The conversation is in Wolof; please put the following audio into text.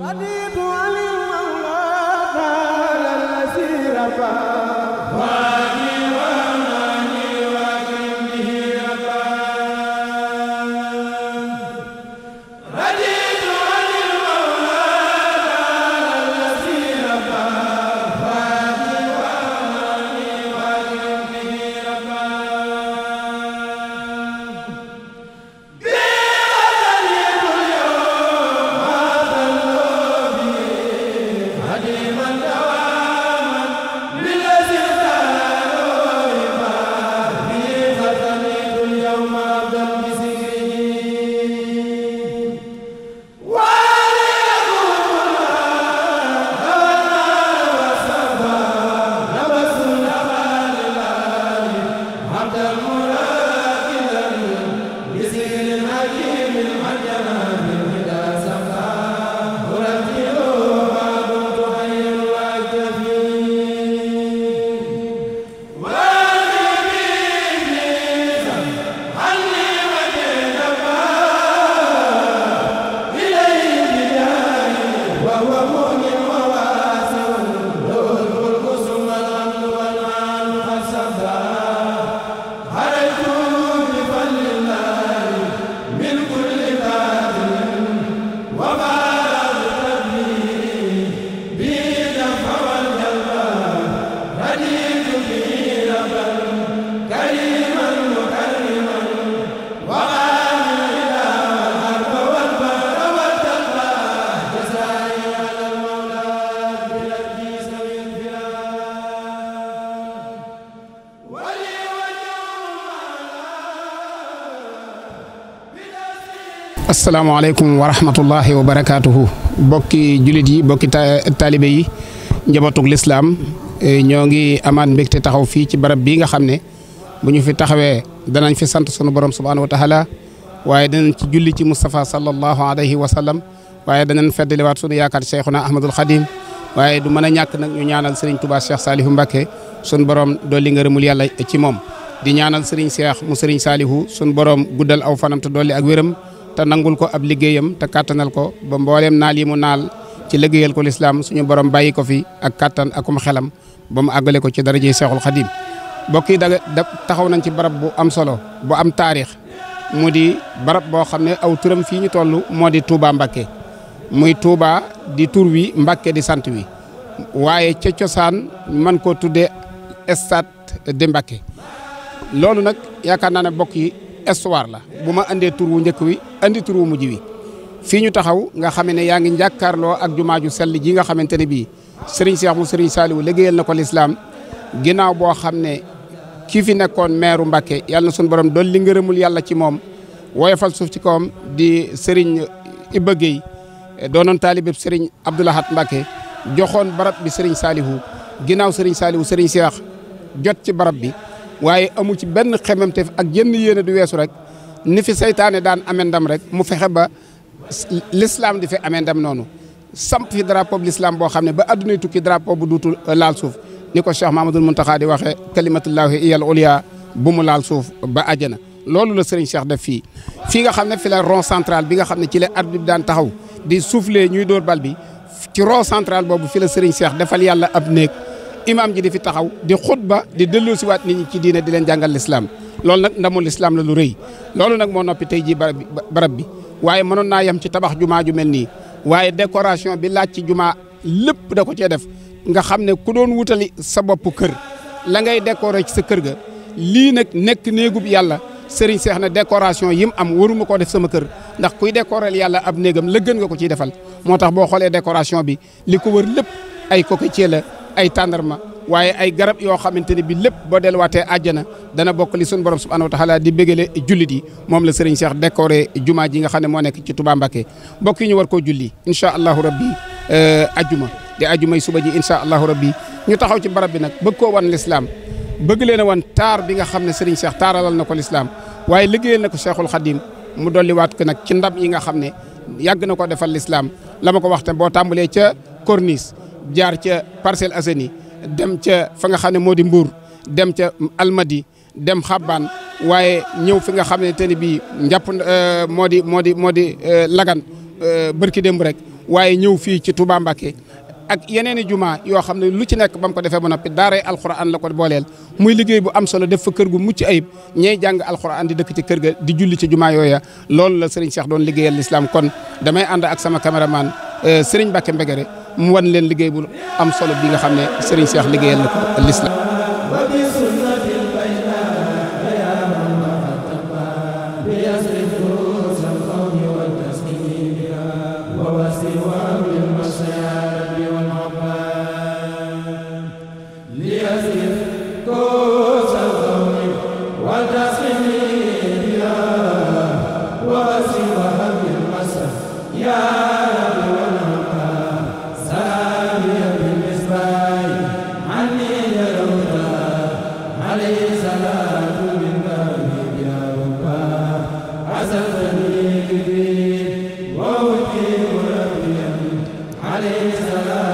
Radiyatu anil mawla ta'ala al-nasira fa asalaamaaleykum wa rahmatullahi wa barakaatuhu bokki jullit yi bokki taalibe yi njabootug lislaam e, ñoo ngi amaat mbégte taxaw fii ci barab bii nga xam ne bu ñu fi taxawee danañ fi sant sunu borom subhaanahu wa taala waaye danañ ci julli ci Moustapha sallallahu alayhi wa sallam waaye danañ feddaliwaat sunu yaakaar Cheikhuna Ahmadul Xadim waaye du mën a ñàkk nag ñu ñaanal Serigne Touba Cheikh Salihu Mbacke sunu borom dolli ngërëmul yàlla ci moom. di ñaanal Serigne Cheikh mu Serigne Salihu sunu borom guddal aw fanam te dolli ak wéram. te nangul ko ab liggéeyam te kàttanal ko ba mbooleem naal yi mu naal ci liggéeyal ko lislaam suñu borom bàyyi ko fi ak kàttan akum xelam ba mu àggale ko ci darajey Seexul Xadim mbokk yi da taxaw nañ ci barab bu am solo bu am taarix mu di barab boo xam ne aw turam fii ñu toll moo di Touba Mbakke muy Touba di tur wi Mbakke di sant wi waaye ca cosaan man koo tuddee stade de Mbakke loolu nag yaakaar naa ne mbokk histoire la bu ma andee tur wu njëkk wi andi tur mujj wi fii ñu taxaw nga xame ne yaa ngi njàkkaarloo ak jumaa ju sell ji nga xamante ne bii sëriñ Cheikh mu sëriñ Saliou liggéeyal na ko lislaam ginnaaw boo xam ne ki fi koon meeru Mbacke yàlla na suñu borom dolli ngërëmul yàlla ci moom woyofal suuf ci kawam di sëriñ Iba doonoon taalibeb sëriñ Abdou Lahad joxoon barab bi sëriñ Saliou ginnaaw sëriñ Saliou sëriñ Cheikh jot ci barab bi waaye amu ci benn xememteef ak yenn yéene du weesu rek ni fi saytaane daan amee ndam rek mu fexe ba l'islam di fi amee noonu samp fi drapeau bi l'islam boo xam ne ba addunay tukki drapeau bu duutu euh, laal suuf ni ko Cheikh Mahamadul Muntaxa di waxee kalimatullahi iyal uliya bu mu laal suuf ba àjjana loolu la Serigne Cheikh def fii fii nga xam ne fi la rond central bi nga xam ne ci la arbitre daan taxaw di soufflé ñuy dóor bal bi ci rond central boobu fi la Serigne Cheikh defal yàlla ab néeg imaam ji di fi taxaw di xutba di delloo siwaat nit ñi ci diina di leen jàngal lislaam lool nag ndamul lislaam la lu rëy loolu nag moo noppi tey ji barab bi barab bi waaye mënoon naa yem ci tabax jumaa ju mel nii waaye décoration bi laaj ci jumaa lépp da ko cee def nga xam ne ku doon wutali sa boppu kër la ngay décorer ci sa kër ga lii nag nekk néegub yàlla sëriñ seex na décoration yim am waruma koo def sama kër ndax kuy décorer yàlla ab néegam la gën nga ko ciy defal moo tax boo xoolee décoration bi li ko wër lépp ay coquetier la ay tàndarma waaye ay garab yoo xamante ne bi lépp boo delluwaatee àjjana dana bokk li sunu borom subhanahu wa taala di bégale jullit yi moom la Serigne Cheikh décoré jumaa ji nga xam ne moo nekk ci Touba Mbacké yi ñu war koo julli incha allahu rabbi euh, ajuma di ajumay suba ji incha allahu rabbi ñu taxaw ci barab bi nag bëgg koo wan lislaam bëgg leen a wan taar bi nga xam ne Serigne Cheikh taaralal na ko lislaam waaye liggéeyal na ko Cheikhul Khadim mu dolliwaat ko nag ci ndam yi nga xam ne yàgg na ko defal lislaam la ma ko wax te boo tàmbalee ca corniche jaar ca parcelle Assainies dem ca fa nga xam ne moo di Mbour dem ca Almadi dem Xabbaan waaye ñëw fi nga xam ne te ni bii njàpp euh, moo di moo di moo di euh, Lagan euh, bërki démb rek waaye ñëw fii ci Touba Mbacké ak yeneen i juma yoo xam ne lu ci nekk ba mu ko defee ba noppi daaray alxuraan la ko booleel muy liggéey bu am solo def fa kër gu mucc ayib ñey jàng alxuraan di dëkk ci kër ga di julli ci jumaa yooya loolu la Serigne Cheikh doon liggéeyal lislaam kon damay ànd ak sama caméraman Serigne Mbacké Mbéguéré mu wan leen liggéey bu am solo bi nga xam ne Serigne Cheikh liggéeyal na ko l'islam alayhi salaam